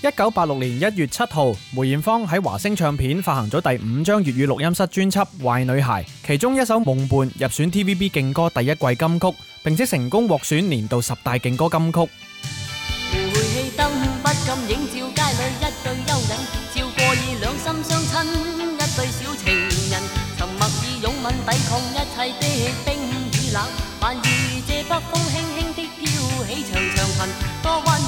一九八六年一月七號，梅艷芳喺華星唱片發行咗第五張粵語錄音室專輯《壞女孩》，其中一首《夢伴》入選 TVB 勁歌第一季金曲，並且成功獲選年度十大勁歌金曲。回回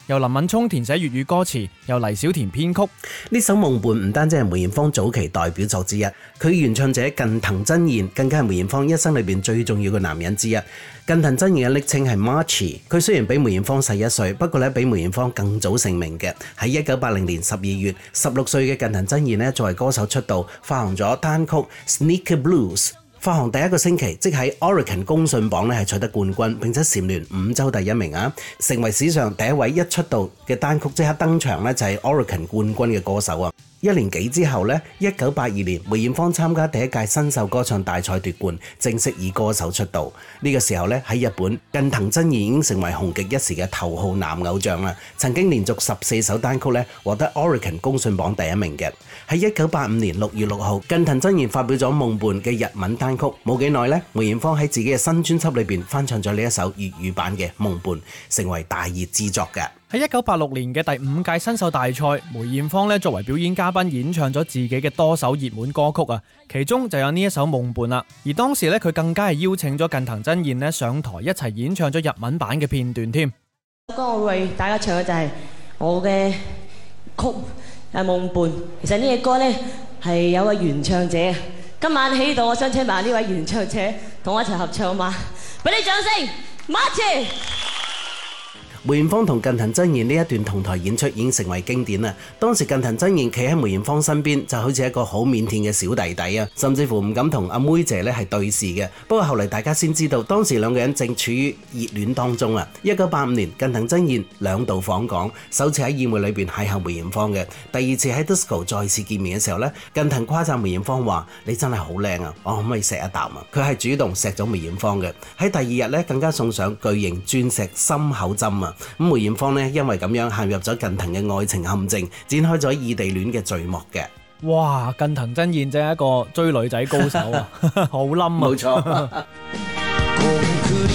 由林敏聰填寫粵語歌詞，由黎小田編曲。呢首《夢伴》唔單止係梅艷芳早期代表作之一，佢原唱者近藤真彥更加係梅艷芳一生裏邊最重要嘅男人之一。近藤真彥嘅昵稱係 Marchy，佢雖然比梅艷芳細一歲，不過咧比梅艷芳更早成名嘅。喺一九八零年十二月，十六歲嘅近藤真彥咧作為歌手出道，發行咗單曲《Sneaker Blues》。發行第一個星期，即喺 Oricon 公信榜係取得冠軍，並且蟬聯五週第一名啊，成為史上第一位一出道嘅單曲即刻登場就係 Oricon 冠軍嘅歌手啊！一年幾之後呢，一九八二年，梅艷芳參加第一屆新秀歌唱大賽奪冠，正式以歌手出道。呢、這個時候呢喺日本近藤真彥已經成為紅極一時嘅頭號男偶像啦。曾經連續十四首單曲呢獲得 Oricon 公信榜第一名嘅。喺一九八五年六月六號，近藤真彥發表咗《夢伴》嘅日文單曲。冇幾耐呢梅艷芳喺自己嘅新專輯裏面翻唱咗呢一首粵語版嘅《夢伴》，成為大熱之作嘅。喺一九八六年嘅第五屆新秀大賽，梅艷芳咧作為表演嘉賓演唱咗自己嘅多首熱門歌曲啊，其中就有呢一首《夢伴》啦。而當時咧，佢更加係邀請咗近藤真彥咧上台一齊演唱咗日文版嘅片段添。今個我為大家唱嘅就係我嘅曲《啊夢伴》，其實呢隻歌咧係有個原唱者，今晚喺度我想請埋呢位原唱者同我一齊合唱嘛，俾你掌聲，March！梅艷芳同近藤真彥呢一段同台演出已經成為經典啦。當時近藤真彥企喺梅艷芳身邊，就好似一個好腼腆嘅小弟弟啊，甚至乎唔敢同阿妹姐咧係對視嘅。不過後嚟大家先知道，當時兩個人正處於熱戀當中啊。一九八五年，近藤真彥兩度訪港，首次喺宴會裏邊邂逅梅艷芳嘅。第二次喺 Disco 再次見面嘅時候呢，近藤誇讚梅艷芳話：你真係好靚啊！我可唔可以錫一啖啊？佢係主動錫咗梅艷芳嘅。喺第二日呢，更加送上巨型鑽石心口針啊！咁梅艷芳呢，因為咁樣陷入咗近藤嘅愛情陷阱，展開咗異地戀嘅序幕嘅。哇！近藤真彥真係一個追女仔高手啊， 好冧啊！冇錯。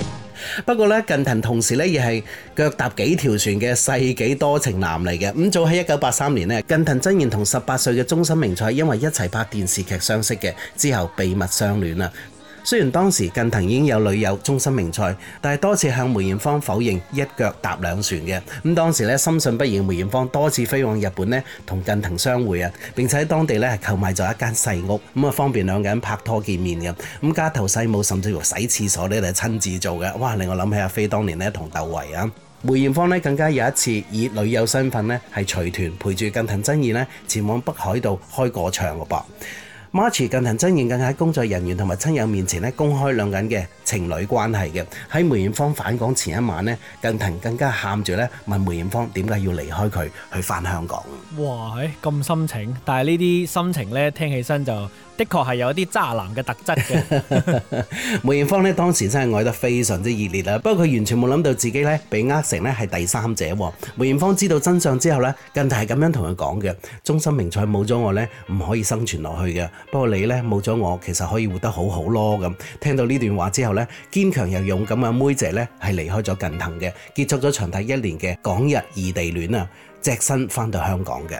不過咧，近藤同時咧，亦係腳踏幾條船嘅世紀多情男嚟嘅。咁早喺一九八三年咧，近藤真彥同十八歲嘅中森明菜因為一齊拍電視劇相識嘅，之後秘密相戀啦。雖然當時近藤已經有女友中森明菜，但係多次向梅艷芳否認一腳踏兩船嘅。咁當時咧，深信不疑，梅艷芳多次飛往日本咧同近藤相會啊，並且喺當地咧購買咗一間細屋，咁啊方便兩個人拍拖見面嘅。咁家頭細務甚至乎洗廁所咧都係親自做嘅。哇！令我諗起阿飛當年咧同竇唯啊，梅艷芳咧更加有一次以女友身份咧係隨團陪住近藤真彥前往北海道開個場嘅噃。March 近藤真彥更加喺工作人員同埋親友面前咧公開兩人嘅情侶關係嘅，喺梅艷芳返港前一晚咧，近藤更加喊住咧問梅艷芳點解要離開佢去返香港？哇，咁深情，但係呢啲深情咧聽起身就～的確係有一啲渣男嘅特質嘅 。梅艷芳咧當時真係愛得非常之熱烈啦，不過佢完全冇諗到自己咧被呃成咧係第三者。梅艷芳知道真相之後咧，近藤係咁樣同佢講嘅，中森明菜冇咗我呢唔可以生存落去嘅。不過你呢，冇咗我，其實可以活得好好咯。咁聽到呢段話之後呢堅強又勇敢嘅妹姐呢係離開咗近藤嘅，結束咗長達一年嘅港日異地戀啊，只身翻到香港嘅。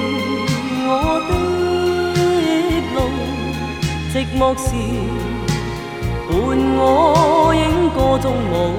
寂寞時伴我，應歌中舞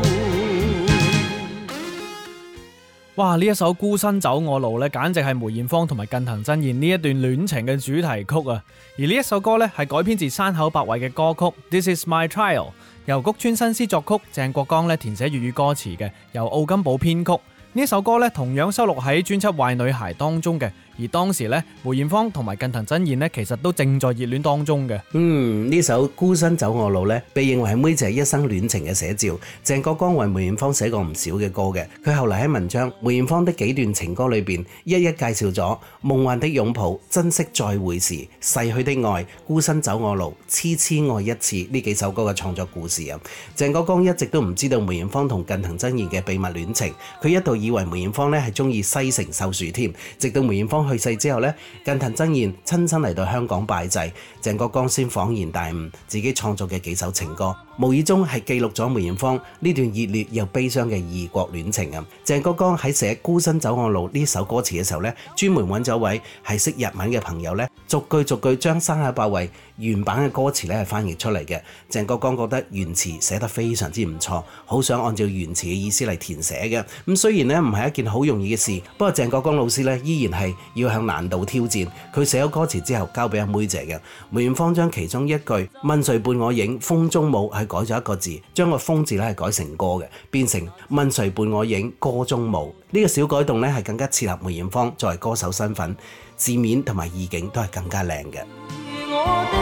哇！呢一首《孤身走我路》咧，簡直係梅艷芳同埋近藤真彥，呢一段戀情嘅主題曲啊！而呢一首歌咧，係改編自山口百惠嘅歌曲《This Is My Trial》，由谷村新司作曲，鄭國江咧填寫粵語歌詞嘅，由奧金寶編曲。呢一首歌咧，同樣收錄喺專輯《壞女孩》當中嘅。而當時咧，梅艷芳同埋近藤真彥咧，其實都正在熱戀當中嘅。嗯，呢首《孤身走我路》咧，被認為係妹仔一生戀情嘅寫照。鄭國江為梅艷芳寫過唔少嘅歌嘅，佢後嚟喺文章《梅艷芳的幾段情歌》裏邊，一一介紹咗《夢幻的擁抱》、《珍惜再會時》、《逝去的愛》、《孤身走我路》、《痴痴愛一次》呢幾首歌嘅創作故事啊。鄭國江一直都唔知道梅艷芳同近藤真彥嘅秘密戀情，佢一度以為梅艷芳咧係中意西城秀樹添，直到梅艷芳去世之後咧，近藤真彥親身嚟到香港拜祭，鄭國江先恍然大悟，自己創作嘅幾首情歌，無意中係記錄咗梅豔芳呢段熱烈又悲傷嘅異國戀情啊！鄭國江喺寫《孤身走我路》呢首歌詞嘅時候咧，專門揾咗位係識日文嘅朋友咧，逐句逐句將生涯包圍。原版嘅歌詞咧係翻譯出嚟嘅，鄭國江覺得原詞寫得非常之唔錯，好想按照原詞嘅意思嚟填寫嘅。咁雖然呢唔係一件好容易嘅事，不過鄭國江老師呢依然係要向難度挑戰。佢寫咗歌詞之後交俾阿妹姐嘅梅豔芳，將其中一句問誰伴我影風中舞係改咗一個字，將個風字咧係改成歌嘅，變成問誰伴我影歌中舞。呢、這個小改動呢係更加切合梅豔芳作為歌手身份，字面同埋意境都係更加靚嘅。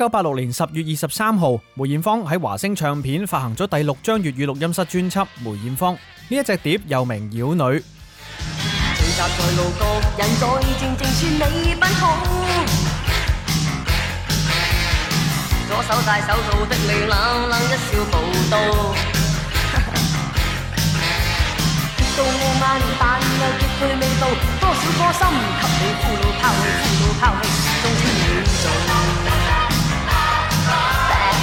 一九八六年十月二十三號，梅艷芳喺華星唱片發行咗第六張粵語錄音室專輯《梅艷芳》，呢一隻碟又名《妖女》。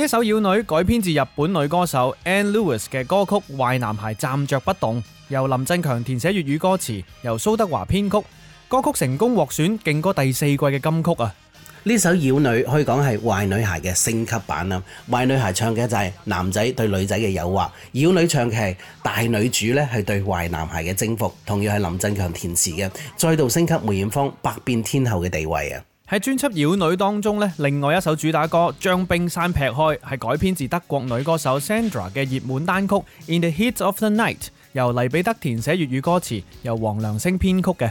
呢首《妖女》改編自日本女歌手 Anne Lewis 嘅歌曲《壞男孩站着不動》，由林振強填寫粵語歌詞，由蘇德華編曲。歌曲成功獲選勁歌第四季嘅金曲啊！呢首《妖女》可以講係《壞女孩》嘅升級版啊。《壞女孩》唱嘅就係男仔對女仔嘅誘惑，《妖女》唱嘅係大女主呢係對壞男孩嘅征服，同樣係林振強填詞嘅，再度升級梅艷芳百變天后嘅地位啊！喺專輯《妖女》當中咧，另外一首主打歌《將冰山劈開》係改編自德國女歌手 Sandra 嘅熱門單曲《In the Heat of the Night》，由黎彼得填寫粵語歌詞，由黃良星編曲嘅。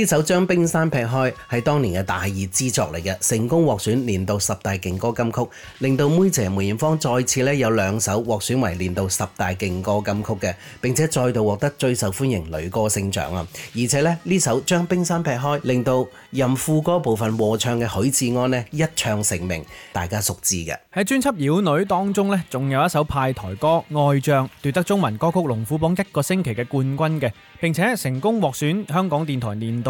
呢首《將冰山劈開》係當年嘅大熱之作嚟嘅，成功獲選年度十大勁歌金曲，令到妹姐梅艷芳再次咧有兩首獲選為年度十大勁歌金曲嘅，並且再度獲得最受歡迎女歌星獎啊！而且呢，呢首《將冰山劈開》令到任副歌部分和唱嘅許志安咧一唱成名，大家熟知嘅。喺專輯《妖女》當中咧，仲有一首派台歌《愛將》，奪得中文歌曲龍虎榜一個星期嘅冠軍嘅，並且成功獲選香港電台年度。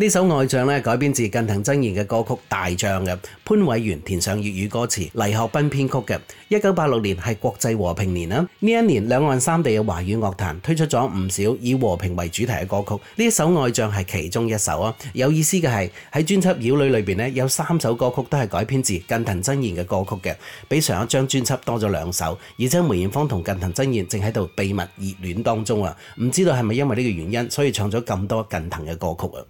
呢首《愛將》咧改編自近藤真彥嘅歌曲《大將》嘅，潘偉源填上粵語歌詞，黎學斌編曲嘅。一九八六年係國際和平年啦，呢一年兩岸三地嘅華語樂壇推出咗唔少以和平為主題嘅歌曲，呢一首《愛將》係其中一首啊。有意思嘅係喺專輯《妖女》裏邊呢有三首歌曲都係改編自近藤真彥嘅歌曲嘅，比上一張專輯多咗兩首。而且梅艷芳同近藤真彥正喺度秘密熱戀當中啊，唔知道係咪因為呢個原因，所以唱咗咁多近藤嘅歌曲啊。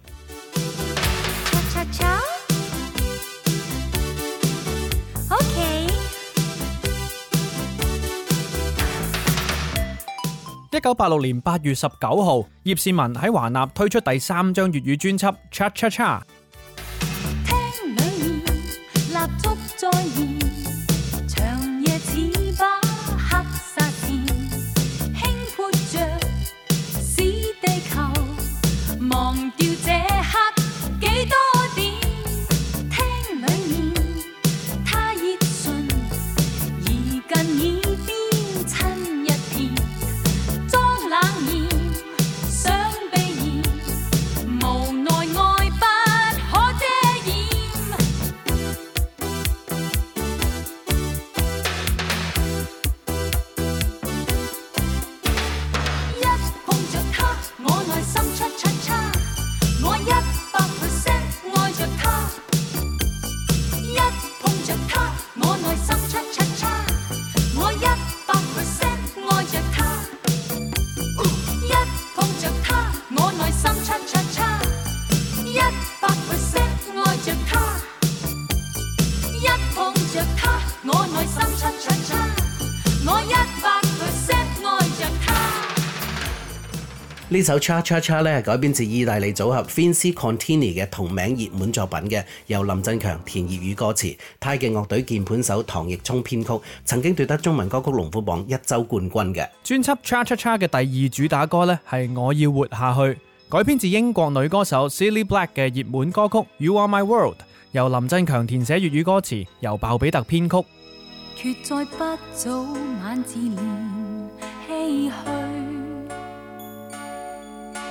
一九八六年八月十九號，葉倩文喺華納推出第三張粵語專輯《Cha Cha Cha》。呢首 Cha Cha Cha 咧，係改編自意大利組合 Finzi Contini 嘅同名熱門作品嘅，由林振強填粵語歌詞，太極樂隊鍵盤手唐奕聰編曲，曾經奪得中文歌曲龍虎榜一周冠軍嘅。專輯 Cha Cha Cha 嘅第二主打歌咧，係我要活下去，改編自英國女歌手 Cilla Black 嘅熱門歌曲 You Are My World，由林振強填寫粵語歌詞，由鮑比特編曲。決在不早晚自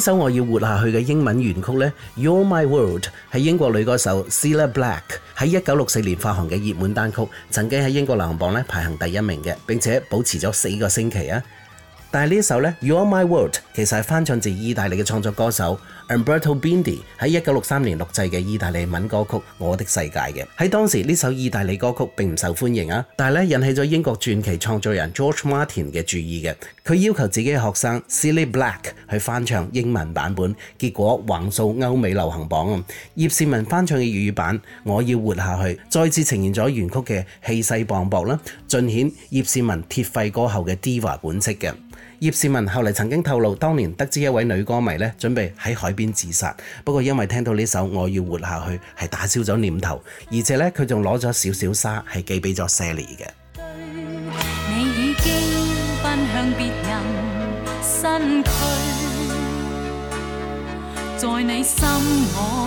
首我要活下去嘅英文原曲呢 You're My World，係英國女歌手 Cilla Black 喺一九六四年發行嘅熱門單曲，曾經喺英國流行榜咧排行第一名嘅，並且保持咗四個星期啊！但係呢首咧，You Are My World 其實係翻唱自意大利嘅創作歌手 Umberto Bindi 喺一九六三年錄製嘅意大利文歌曲《我的世界》嘅。喺當時呢首意大利歌曲並唔受歡迎啊，但係咧引起咗英國傳奇創作人 George Martin 嘅注意嘅。佢要求自己嘅學生 Cilla Black 去翻唱英文版本，結果橫掃歐美流行榜啊。葉倩文翻唱嘅粵語版《我要活下去》再次呈現咗原曲嘅氣勢磅礴啦，盡顯葉倩文鐵肺歌后嘅 Diva 本色嘅。葉倩文後嚟曾經透露，當年得知一位女歌迷呢準備喺海邊自殺，不過因為聽到呢首《我要活下去》，係打消咗念頭，而且呢，佢仲攞咗少少沙係寄俾咗 Sally 嘅。在你心我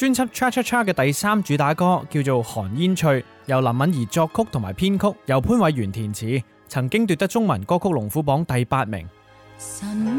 專輯《Cha Cha Cha》嘅第三主打歌叫做《寒煙翠》，由林敏怡作曲同埋編曲，由潘偉源填詞，曾經奪得中文歌曲龍虎榜第八名。神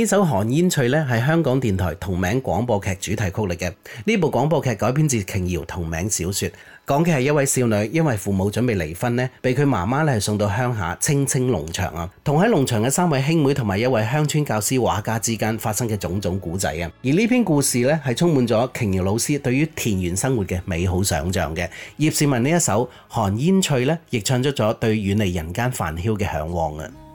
呢首《寒煙翠》咧，係香港電台同名廣播劇主題曲嚟嘅。呢部廣播劇改編自瓊瑤同名小說，講嘅係一位少女因為父母準備離婚咧，被佢媽媽咧送到鄉下青青農場啊，同喺農場嘅三位兄妹同埋一位鄉村教師畫家之間發生嘅種種故仔啊。而呢篇故事咧，係充滿咗瓊瑤老師對於田園生活嘅美好想象嘅。葉倩文呢一首《寒煙翠》咧，亦唱出咗對遠離人間煩囂嘅向往啊！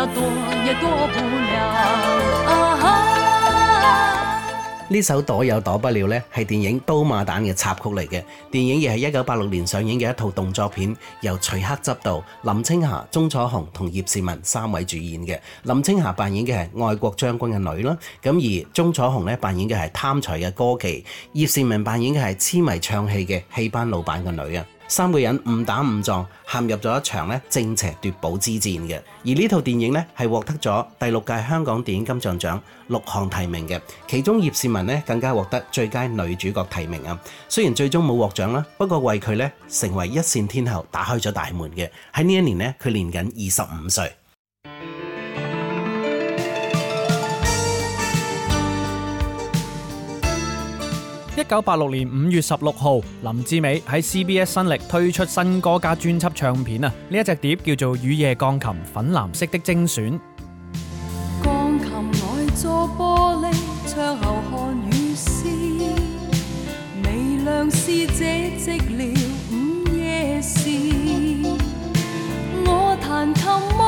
啊，呢首躲又躲不了呢，係電影《刀馬旦》嘅插曲嚟嘅。電影亦係一九八六年上映嘅一套動作片由，由徐克執導，林青霞、鍾楚紅同葉倩文三位主演嘅。林青霞扮演嘅係愛國將軍嘅女啦，咁而鍾楚紅呢，扮演嘅係貪財嘅歌妓，葉倩文扮演嘅係癡迷唱戲嘅戲班老闆嘅女啊。三個人誤打誤撞陷入咗一場正邪奪寶之戰，而呢套電影呢，係獲得咗第六屆香港電影金像獎六項提名嘅，其中葉倩文呢，更加獲得最佳女主角提名，雖然最終冇獲獎啦，不過為佢成為一線天后打開咗大門嘅。喺呢一年呢，佢年僅二十五歲。一九八六年五月十六號，林志美喺 CBS 新力推出新歌加專輯唱片啊！呢一隻碟叫做《雨夜鋼琴粉藍色的精選》。鋼琴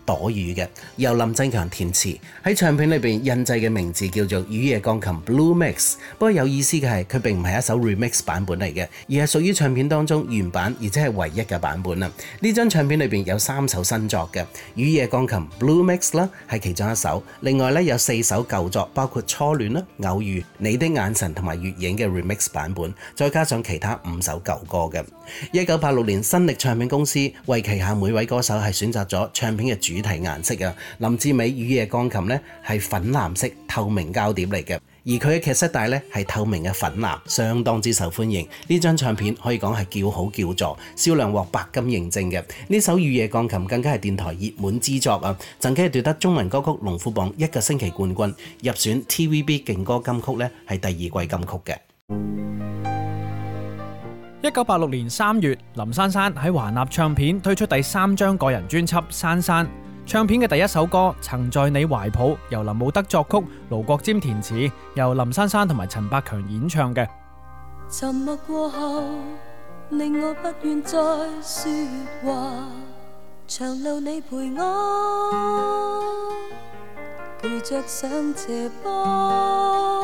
躲雨嘅，由林振強填詞喺唱片裏邊印製嘅名字叫做《雨夜鋼琴》Blue Mix。不過有意思嘅係，佢並唔係一首 Remix 版本嚟嘅，而係屬於唱片當中原版，而且係唯一嘅版本啊！呢張唱片裏邊有三首新作嘅《雨夜鋼琴》Blue Mix 啦，係其中一首。另外咧有四首舊作，包括《初戀》啦、《偶遇》、《你的眼神》同埋《月影》嘅 Remix 版本，再加上其他五首舊歌嘅。一九八六年新力唱片公司為旗下每位歌手係選擇咗唱片嘅主。主題顏色啊！林志美《雨夜鋼琴》呢咧係粉藍色透明膠碟，嚟嘅，而佢嘅劇室帶咧係透明嘅粉藍，相當之受歡迎。呢張唱片可以講係叫好叫座，銷量獲白金認證嘅。呢首《雨夜鋼琴》更加係電台熱門之作啊！曾經奪得中文歌曲龍虎榜一個星期冠軍，入選 T V B 勁歌金曲咧係第二季金曲嘅。一九八六年三月，林珊珊喺華納唱片推出第三張個人專輯《珊珊》。唱片嘅第一首歌《曾在你懷抱》，由林慕德作曲，盧國沾填詞，由林珊珊同埋陳百強演唱嘅。沉默過後，令我不願再說話。長路你陪我，陪着上斜坡。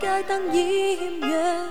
街燈掩約。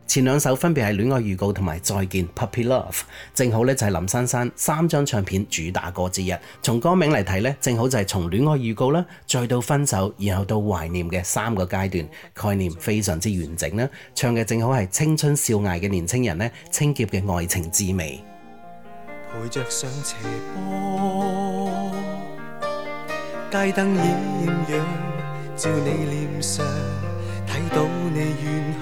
前兩首分別係《戀愛預告》同埋《再見 Puppy Love》，正好咧就係林姍姍三張唱片主打歌之一。從歌名嚟睇咧，正好就係從戀愛預告啦，再到分手，然後到懷念嘅三個階段概念非常之完整啦。唱嘅正好係青春少艾嘅年輕人呢，青澀嘅愛情滋味。陪着上斜坡，街燈影影照你臉上睇到。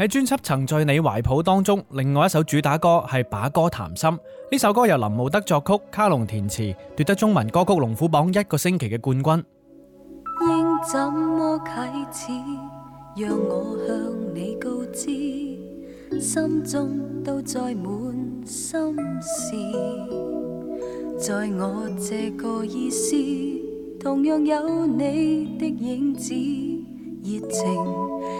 喺專輯《曾在你懷抱》當中，另外一首主打歌係《把歌談心》。呢首歌由林慕德作曲、卡龍填詞，奪得中文歌曲龍虎榜一個星期嘅冠軍。應怎麼啓齒？讓我向你告知，心中都載滿心事。在我這個意思，同樣有你的影子，熱情。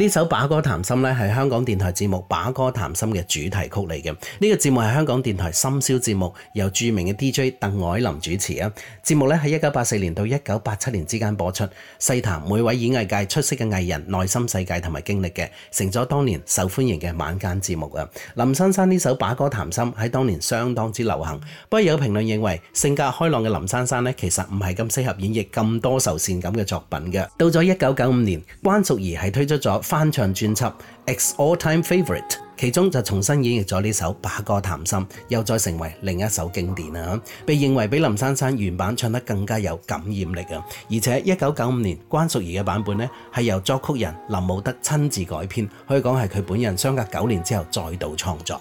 呢首《把歌談心》咧係香港電台節目《把歌談心》嘅主題曲嚟嘅。呢、呢個節目係香港電台深宵節目，由著名嘅 DJ 鄧藹霖主持啊。節目呢喺一九八四年到一九八七年之間播出，細談每位演藝界出色嘅藝人內心世界同埋經歷嘅，成咗當年受歡迎嘅晚間節目啊。林珊珊呢首《把歌談心》喺當年相當之流行，不過有評論認為性格開朗嘅林珊珊呢，其實唔係咁適合演繹咁多愁善感嘅作品嘅。到咗一九九五年，關淑怡係推出咗翻唱專輯《Ex All Time Favorite》，其中就重新演繹咗呢首《把歌談心》，又再成為另一首經典啊！被認為比林珊珊原版唱得更加有感染力啊！而且一九九五年關淑怡嘅版本咧，係由作曲人林慕德親自改編，可以講係佢本人相隔九年之後再度創作。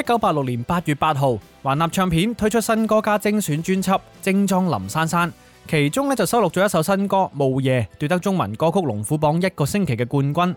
一九八六年八月八號，華納唱片推出新歌加精選專輯《精裝林珊珊》，其中呢就收錄咗一首新歌《霧夜》，奪得中文歌曲龍虎榜一個星期嘅冠軍。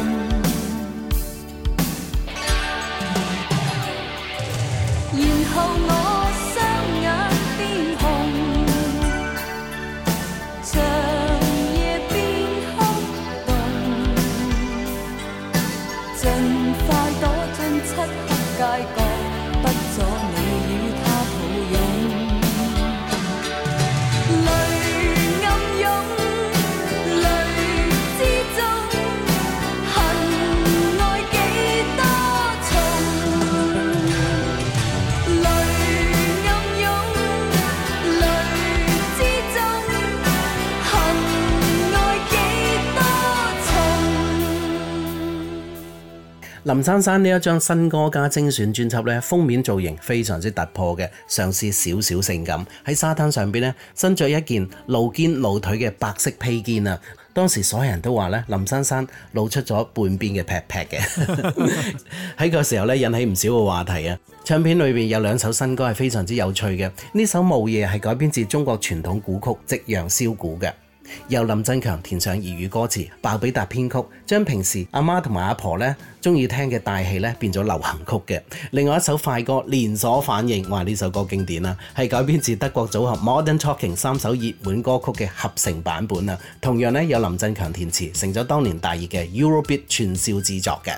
林珊珊呢一張新歌加精選專輯咧，封面造型非常之突破嘅，嘗試少少性感。喺沙灘上邊咧，身着一件露肩露腿嘅白色披肩啊。當時所有人都話咧，林珊珊露出咗半邊嘅 pat pat 嘅，喺 個時候咧引起唔少嘅話題啊。唱片裏邊有兩首新歌係非常之有趣嘅，呢首《霧夜》係改編自中國傳統古曲《夕陽簫鼓》嘅。由林振強填上粵語歌詞，鮑比達編曲，將平時阿媽同埋阿婆咧中意聽嘅大戲咧變咗流行曲嘅。另外一首快歌《連鎖反應》哇，哇呢首歌經典啦，係改編自德國組合 Modern Talking 三首熱門歌曲嘅合成版本啊。同樣咧有林振強填詞，成咗當年大熱嘅 Eurobeat 串燒之作嘅。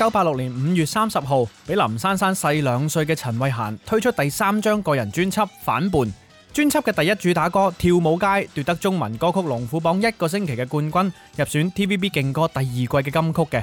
九八六年五月三十號，比林珊珊細兩歲嘅陳慧嫻推出第三張個人專輯《反叛》，專輯嘅第一主打歌《跳舞街》奪得中文歌曲龍虎榜一個星期嘅冠軍，入選 TVB 勁歌第二季嘅金曲嘅。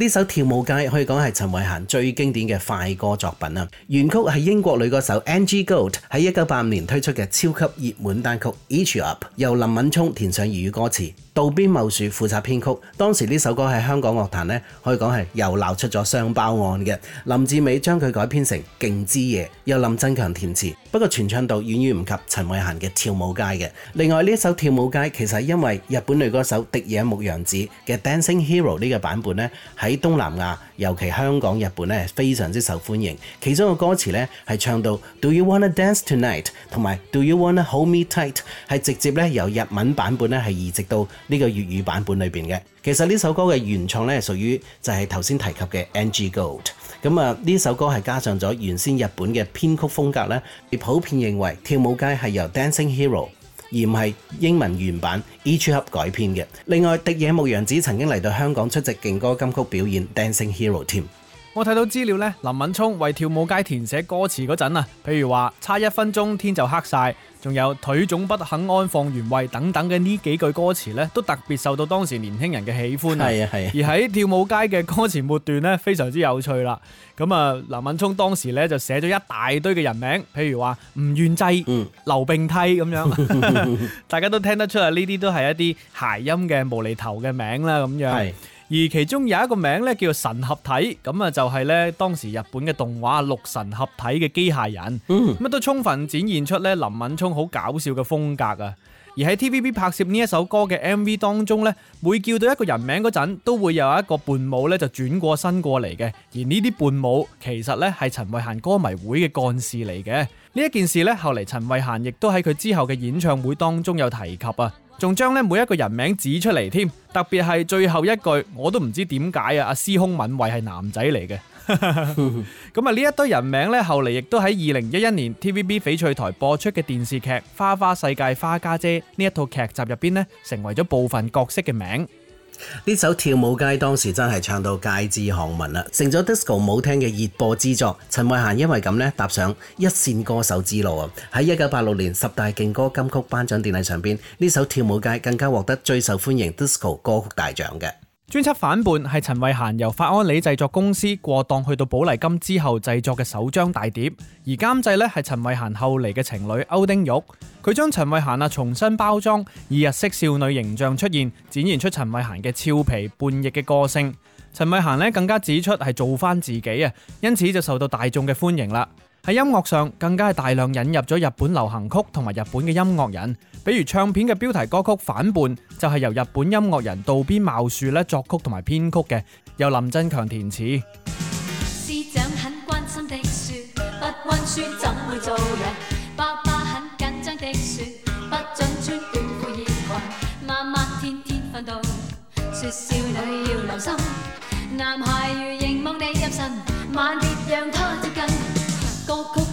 呢首跳舞街可以講係陳慧嫻最經典嘅快歌作品，原曲係英國女歌手 Angie Gold 喺一九八五年推出嘅超級熱門單曲《Eat You Up》，由林敏聰填上粵語歌詞。杜邊茂樹負責編曲，當時呢首歌喺香港樂壇呢，可以講係又鬧出咗雙包案嘅。林志美將佢改編成《勁之夜》，又林振強填詞，不過傳唱度遠遠唔及陳慧嫻嘅《跳舞街》嘅。另外呢首《跳舞街》其實因為日本女歌手荻野目洋子嘅《Dancing Hero》呢、呢個版本呢，喺東南亞尤其香港、日本咧非常之受歡迎。其中嘅歌詞呢，係唱到 Do you wanna dance tonight？同埋 Do you wanna hold me tight？係直接咧由日文版本呢，係移植到。呢、這個粵語版本裏面嘅，其實呢首歌嘅原創呢，屬於就係頭先提及嘅 Angie Gold。咁啊，呢首歌係加上咗原先日本嘅編曲風格呢，而普遍認為跳舞街係由 Dancing Hero 而唔係英文原版 Eat You Up 改編嘅。另外，荻野目洋子曾經嚟到香港出席勁歌金曲表演 Dancing Hero 添。我睇到資料呢，林敏聰為跳舞街填寫歌詞嗰陣啊，譬如話差一分鐘天就黑晒，仲有腿總不肯安放原位等等嘅呢幾句歌詞呢，都特別受到當時年輕人嘅喜歡啊。係啊，而喺跳舞街嘅歌詞末段呢，非常之有趣啦。咁啊，林敏聰當時呢，就寫咗一大堆嘅人名，譬如話吳願濟、劉、嗯、并梯咁樣， 大家都聽得出啊，呢啲都係一啲諧音嘅無厘頭嘅名啦，咁樣。而其中有一個名咧叫神合體，咁啊就係咧當時日本嘅動畫六神合體嘅機械人，乜都充分展現出咧林敏聰好搞笑嘅風格啊！而喺 TVB 拍攝呢一首歌嘅 MV 當中咧，每叫到一個人名嗰陣，都會有一個伴舞咧就轉過身過嚟嘅，而呢啲伴舞其實咧係陳慧嫻歌迷會嘅幹事嚟嘅。呢一件事咧後嚟陳慧嫻亦都喺佢之後嘅演唱會當中有提及啊！仲將咧每一個人名指出嚟添，特別係最後一句，我都唔知點解啊！阿司空敏慧係男仔嚟嘅，咁啊呢一堆人名咧，後嚟亦都喺二零一一年 TVB 翡翠台播出嘅電視劇《花花世界花家姐》呢一套劇集入邊咧，成為咗部分角色嘅名。呢首跳舞街當時真係唱到街知巷聞啦，成咗 disco 舞廳嘅熱播之作。陳慧嫻因為咁咧，踏上一線歌手之路啊！喺一九八六年十大勁歌金曲頒獎典禮上邊，呢首跳舞街更加獲得最受歡迎 disco 歌曲大獎嘅。專輯《反叛》係陳慧嫻由法安里製作公司過檔去到寶麗金之後製作嘅首張大碟，而監製呢係陳慧嫻後嚟嘅情侶歐丁玉。佢將陳慧嫻啊重新包裝，以日式少女形象出現，展現出陳慧嫻嘅俏皮叛逆嘅個性。陳慧嫻呢更加指出係做翻自己啊，因此就受到大眾嘅歡迎啦。喺音樂上更加係大量引入咗日本流行曲同埋日本嘅音樂人，比如唱片嘅標題歌曲《反叛》就係由日本音樂人渡邊茂樹咧作曲同埋編曲嘅，由林振強填詞。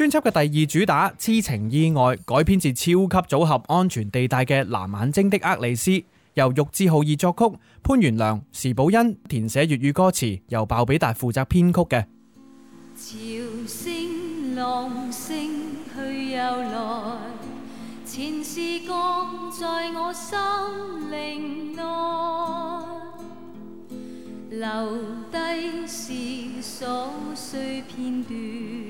專輯嘅第二主打《痴情意外》，改編自超級組合安全地帶嘅《藍眼睛的厄里斯》，由玉置浩二作曲，潘源良、時寶恩填寫粵語歌詞，由鮑比達負責編曲嘅。潮聲浪聲去又來，前事降在我心靈內，留低是瑣碎片段。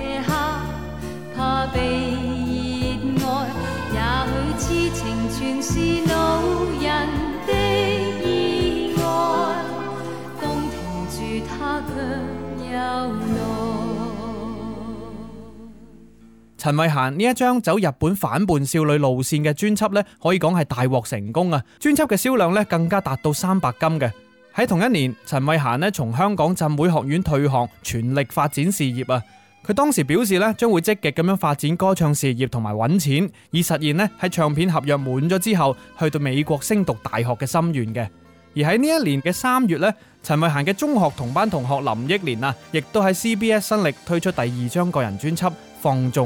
陳慧嫻呢一張走日本反叛少女路線嘅專輯呢，可以講係大獲成功啊！專輯嘅銷量呢，更加達到三百金嘅。喺同一年，陳慧嫻呢從香港浸會學院退學，全力發展事業啊！佢當時表示呢，將會積極咁樣發展歌唱事業同埋揾錢，以實現呢喺唱片合約滿咗之後去到美國升讀大學嘅心願嘅。而喺呢一年嘅三月呢，陳慧嫻嘅中學同班同學林憶蓮啊，亦都喺 CBS 新力推出第二張個人專輯《放縱》。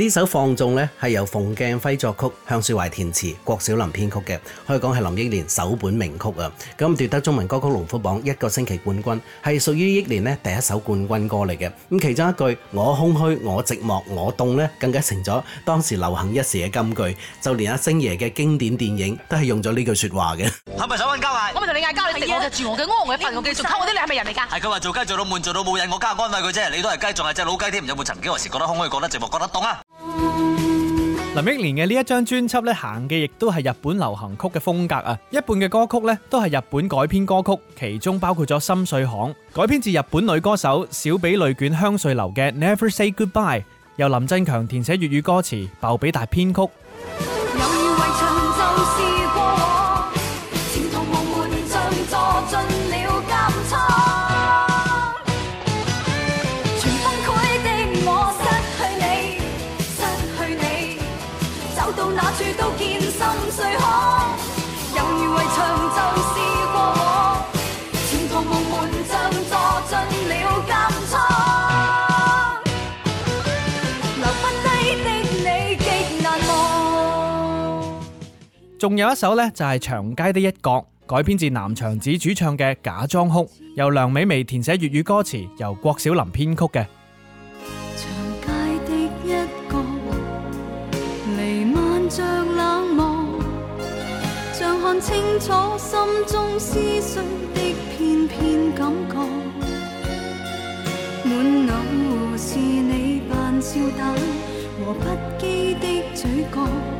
呢首放縱咧係由馮鏡輝作曲、向雪懷填詞、郭小霖編曲嘅，可以講係林憶蓮首本名曲啊！咁奪得中文歌曲龍虎榜一個星期冠軍，係屬於憶蓮咧第一首冠軍歌嚟嘅。咁其中一句我空虛、我寂寞、我凍咧，更加成咗當時流行一時嘅金句，就連阿星爺嘅經典電影都係用咗呢句説話嘅。係咪想揾家嗌？我咪同你嗌交，你食我就住我嘅安穩份，我繼續偷我啲糧係咪人嚟㗎？係佢話做雞做到悶做到冇癮，我加安慰佢啫。你都係雞，仲係隻老雞添，有冇曾幾何時覺得空虛、覺得寂寞、覺得凍啊？林憶蓮嘅呢一張專輯咧，行嘅亦都係日本流行曲嘅風格啊！一半嘅歌曲呢都係日本改編歌曲，其中包括咗《心碎巷》，改編自日本女歌手小比類卷香穗留嘅《Never Say Goodbye》，由林振強填寫粵語歌詞，鮑比達編曲。 仲有一首呢，就係、是《長街的一角》，改編自南長子主唱嘅《假裝哭》，由梁美眉填寫粵語歌詞，由郭小林編曲嘅。長街的一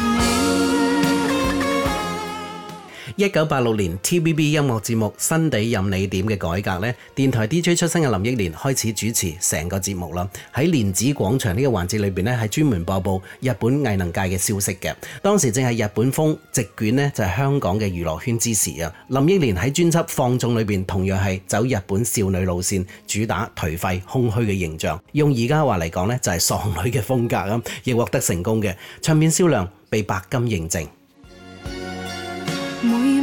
一九八六年 T.V.B. 音樂節目《新地任你點》的改革咧，電台 D.J. 出身的林憶蓮開始主持成個節目啦。喺蓮子廣場呢個環節裏面咧，係專門播報，報日本藝能界的消息嘅。當時正係日本風席捲咧，就係香港的娛樂圈之時啊。林憶蓮喺專輯《放縱》裏面，同樣係走日本少女路線，主打頹廢空虛的形象，用而家話嚟講咧，就係喪女的風格咁，亦獲得成功的，唱片銷量被白金認證。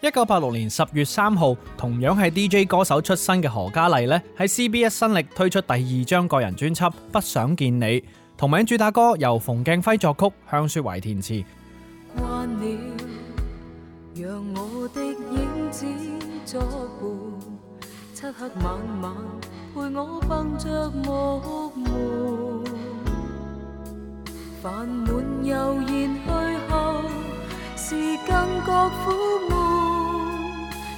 一九八六年十月三號，同樣係 DJ 歌手出身嘅何嘉麗咧，喺 CBS 新力推出第二張個人專輯《不想見你》，同名主打歌由馮敬輝作曲，向雪懷填詞。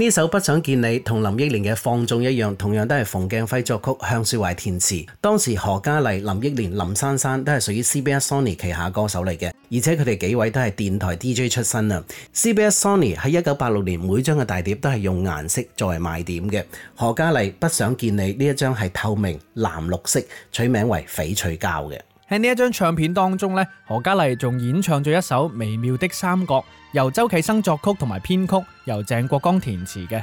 呢首不想見你同林憶蓮嘅放縱一樣，同樣都係馮敬輝作曲，向雪懷填詞。當時何嘉麗、林憶蓮、林珊珊都係屬於 CBS Sony 旗下歌手嚟嘅，而且佢哋幾位都係電台 DJ 出身啦。CBS Sony 喺一九八六年每張嘅大碟都係用顏色作為賣點嘅。何嘉麗不想見你呢一張係透明藍綠色，取名為翡翠膠嘅。喺呢一張唱片當中咧，何嘉麗仲演唱咗一首《微妙的三角》，由周啟生作曲同埋編曲，由鄭國江填詞嘅。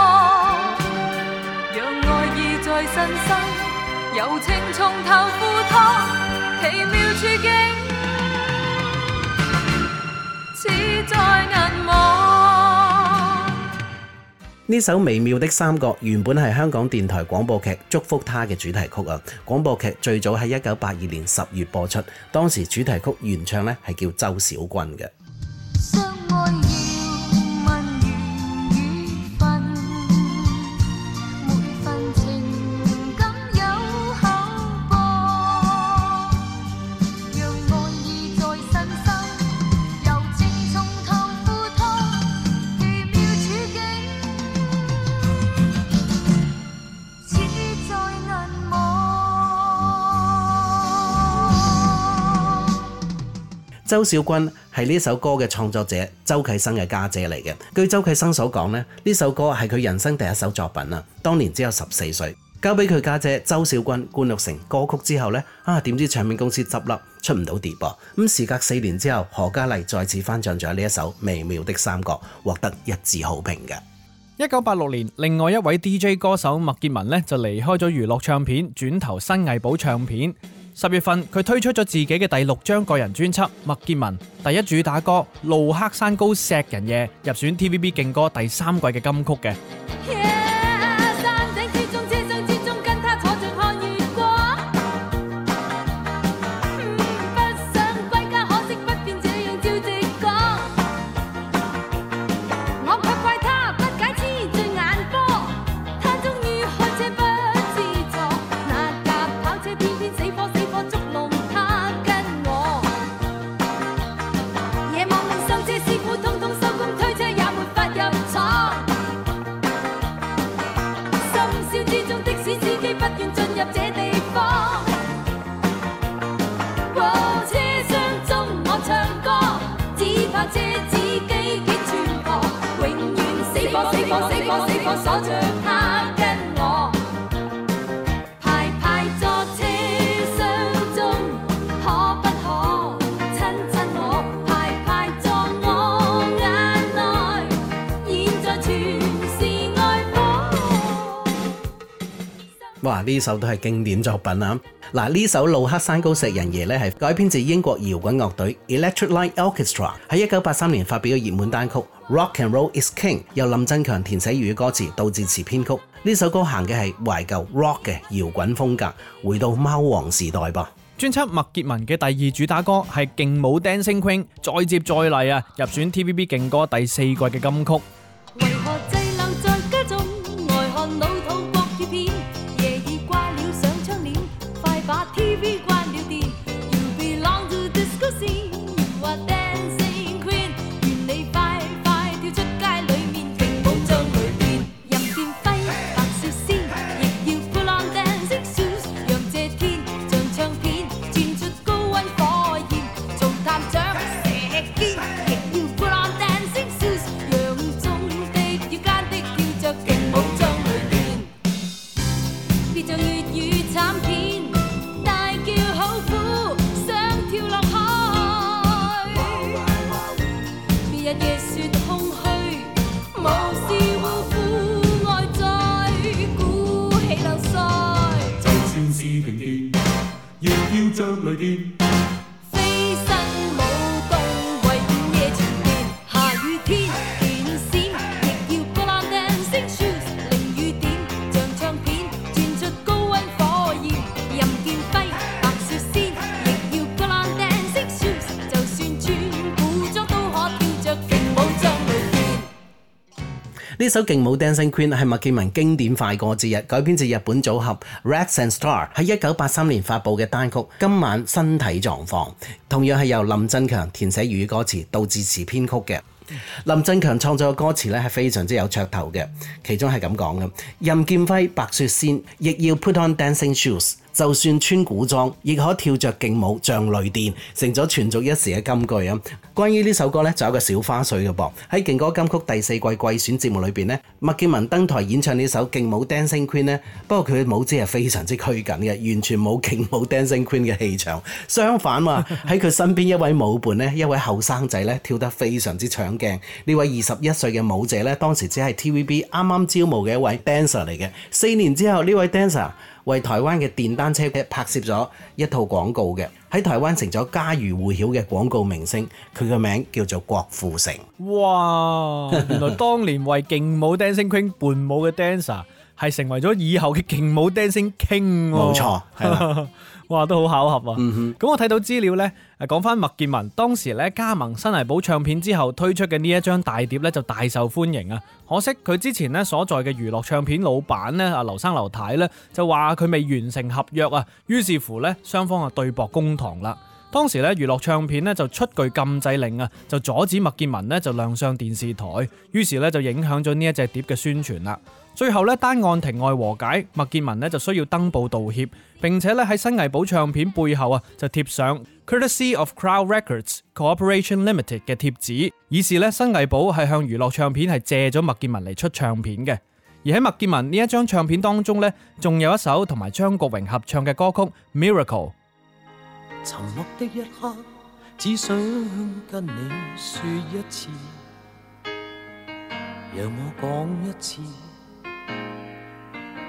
真心有情，從頭赴託，奇妙處境似在銀幕。呢首微妙的三角原本係香港電台廣播劇《祝福他》嘅主題曲啊！廣播劇最早喺一九八二年十月播出，當時主題曲原唱咧係叫周小君嘅。周小君係呢首歌嘅創作者周啟生嘅家姐嚟嘅。據周啟生所講咧，呢首歌係佢人生第一首作品啊，當年只有十四歲，交俾佢家姐周小君灌錄成歌曲之後呢啊點知唱片公司執笠，出唔到碟噃。咁時隔四年之後，何嘉麗再次翻唱咗呢一首《微妙的三角》，獲得一致好評嘅。一九八六年，另外一位 DJ 歌手麥潔文呢就離開咗娛樂唱片，轉投新藝寶唱片。十月份，佢推出咗自己嘅第六張個人專輯《麥潔文》，第一主打歌《路黑山高錫人夜》，入選 TVB 勁歌第三季嘅金曲嘅。首都係經典作品啦。嗱，呢首《路黑山高錫人夜》呢係改編自英國搖滾樂隊 Electric Light Orchestra 喺一九八三年發表嘅熱門單曲《Rock and Roll Is King》，由林振強填寫粵語歌詞，杜自持編曲。呢首歌行嘅係懷舊 rock 嘅搖滾風格，回到貓王時代吧。專輯麥潔文嘅第二主打歌係勁舞《Dancing Queen》，再接再厲啊，入選 TVB 勁歌第四季嘅金曲。呢首勁舞 Dancing Queen 係麥潔文經典快歌之一，改編自日本組合 Rats and Star 喺一九八三年發佈嘅單曲《今晚身體狀況》，同樣係由林振強填寫粵語歌詞，杜自持編曲嘅。林振強創作嘅歌詞咧係非常之有噱頭嘅，其中係咁講嘅：任劍輝白雪仙亦要 put on dancing shoes。就算穿古裝，亦可跳着勁舞像雷電，成咗傳誦一時嘅金句啊！關於呢首歌呢，就有一個小花絮嘅噃。喺勁歌金曲第四季季選節目裏面呢，麥建文登台演唱呢首勁舞《Dancing Queen》呢，不過佢嘅舞姿係非常之拘謹嘅，完全冇勁舞《Dancing Queen》嘅氣場。相反嘛，喺佢身邊一位舞伴呢，一位後生仔呢，跳得非常之搶鏡。呢位二十一歲嘅舞者呢，當時只係 TVB 啱啱招募嘅一位 dancer 嚟嘅。四年之後，呢位 dancer 為台灣嘅電單車拍攝咗一套廣告嘅，喺台灣成咗家喻戶曉嘅廣告明星，佢嘅名叫做郭富城。哇！原來當年為勁舞 dancing Queen 伴舞嘅 dancer，係成為咗以後嘅勁舞 dancing king。冇錯。 哇，都好巧合啊！咁、嗯、我睇到資料呢，講翻麥潔文當時呢加盟新藝寶唱片之後推出嘅呢一張大碟呢，就大受歡迎啊！可惜佢之前呢所在嘅娛樂唱片老闆呢，阿劉生劉太呢，就話佢未完成合約啊，於是乎呢，雙方啊對簿公堂啦。當時呢，娛樂唱片呢就出具禁制令啊，就阻止麥潔文呢就亮相電視台，於是呢，就影響咗呢一隻碟嘅宣傳啦。最後咧單案庭外和解，麥潔文咧就需要登報道歉，並且咧喺新藝寶唱片背後啊就貼上 Courtesy of Crown Records Corporation Limited 嘅貼紙，以示咧新藝寶係向娛樂唱片係借咗麥潔文嚟出唱片嘅。而喺麥潔文呢一張唱片當中咧，仲有一首同埋張國榮合唱嘅歌曲《Miracle》。沉默的一刻，只想跟你說一次，讓我講一次。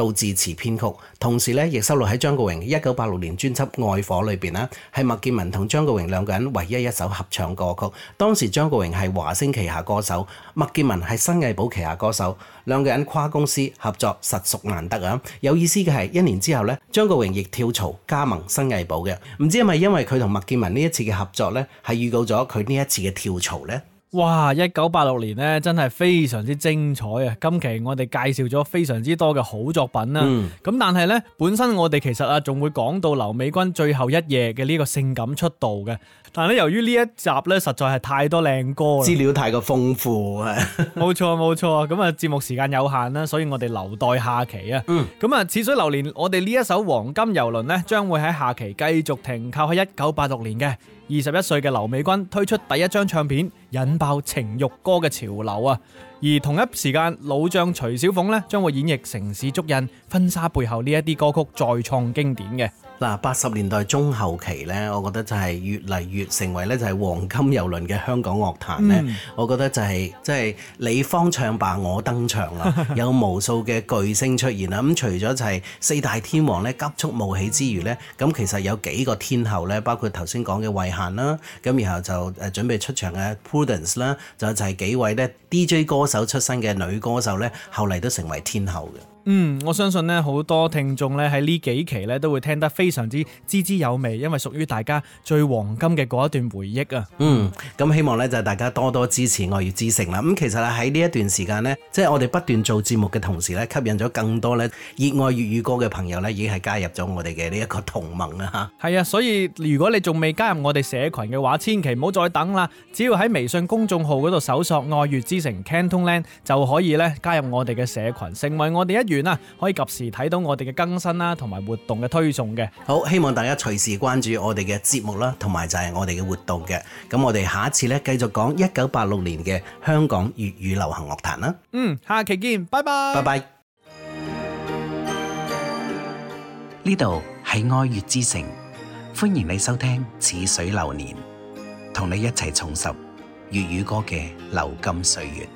杜自持編曲，同時咧亦收錄喺張國榮一九八六年專輯《愛火》裏邊啦，係麥潔文同張國榮兩個人唯一一首合唱歌曲。當時張國榮係華星旗下歌手，麥潔文係新藝寶旗下歌手，兩個人跨公司合作實屬難得啊！有意思嘅係一年之後呢，張國榮亦跳槽加盟新藝寶嘅，唔知係咪因為佢同麥潔文呢一次嘅合作呢係預告咗佢呢一次嘅跳槽呢？哇！一九八六年咧，真係非常之精彩啊！今期我哋介紹咗非常之多嘅好作品啦，咁、嗯、但係呢，本身我哋其實啊，仲會講到劉美君最後一夜嘅呢個性感出道嘅。但咧，由於呢一集咧，實在係太多靚歌，資料太過豐富啊！冇錯，冇錯啊！咁啊，節目時間有限啦，所以我哋留待下期啊。嗯。咁啊，《似水流年》，我哋呢一首《黃金遊輪》呢，將會喺下期繼續停靠喺一九八六年嘅二十一歲嘅劉美君推出第一張唱片，引爆情慾歌嘅潮流啊！而同一時間，老將徐小鳳呢，將會演繹《城市足印》、《婚紗背後》呢一啲歌曲，再創經典嘅。嗱，八十年代中後期咧，我覺得就係越嚟越成為咧就係黃金遊輪嘅香港樂壇咧。我覺得就係即係你方唱罷我登場啦，有無數嘅巨星出現啦。咁除咗就係四大天王咧急速冒起之餘咧，咁其實有幾個天后咧，包括頭先講嘅慧嫻啦，咁然後就誒準備出場嘅 Prudence 啦，就就係幾位咧 DJ 歌手出身嘅女歌手咧，後嚟都成為天后嘅。嗯，我相信咧好多聽眾咧喺呢幾期咧都會聽得非常之滋滋有味，因為屬於大家最黃金嘅嗰一段回憶啊。嗯，咁希望咧就係大家多多支持愛粵之城啦。咁、嗯、其實啊喺呢一段時間咧，即、就、係、是、我哋不斷做節目嘅同時咧，吸引咗更多咧熱愛粵語歌嘅朋友咧，已經係加入咗我哋嘅呢一個同盟啦。嚇，係啊，所以如果你仲未加入我哋社群嘅話，千祈唔好再等啦。只要喺微信公眾號嗰度搜索愛粵之城 CantonLand 就可以咧加入我哋嘅社群，成為我哋一員啦，可以及時睇到我哋嘅更新啦，同埋活動嘅推送嘅。好，希望大家隨時關注我哋嘅節目啦，同埋就係我哋嘅活動嘅。咁我哋下一次咧，繼續講一九八六年嘅香港粵語流行樂壇啦。嗯，下期見，拜拜。拜拜。呢度係愛粵之城，歡迎你收聽《似水流年》，同你一齊重拾粵語歌嘅流金歲月。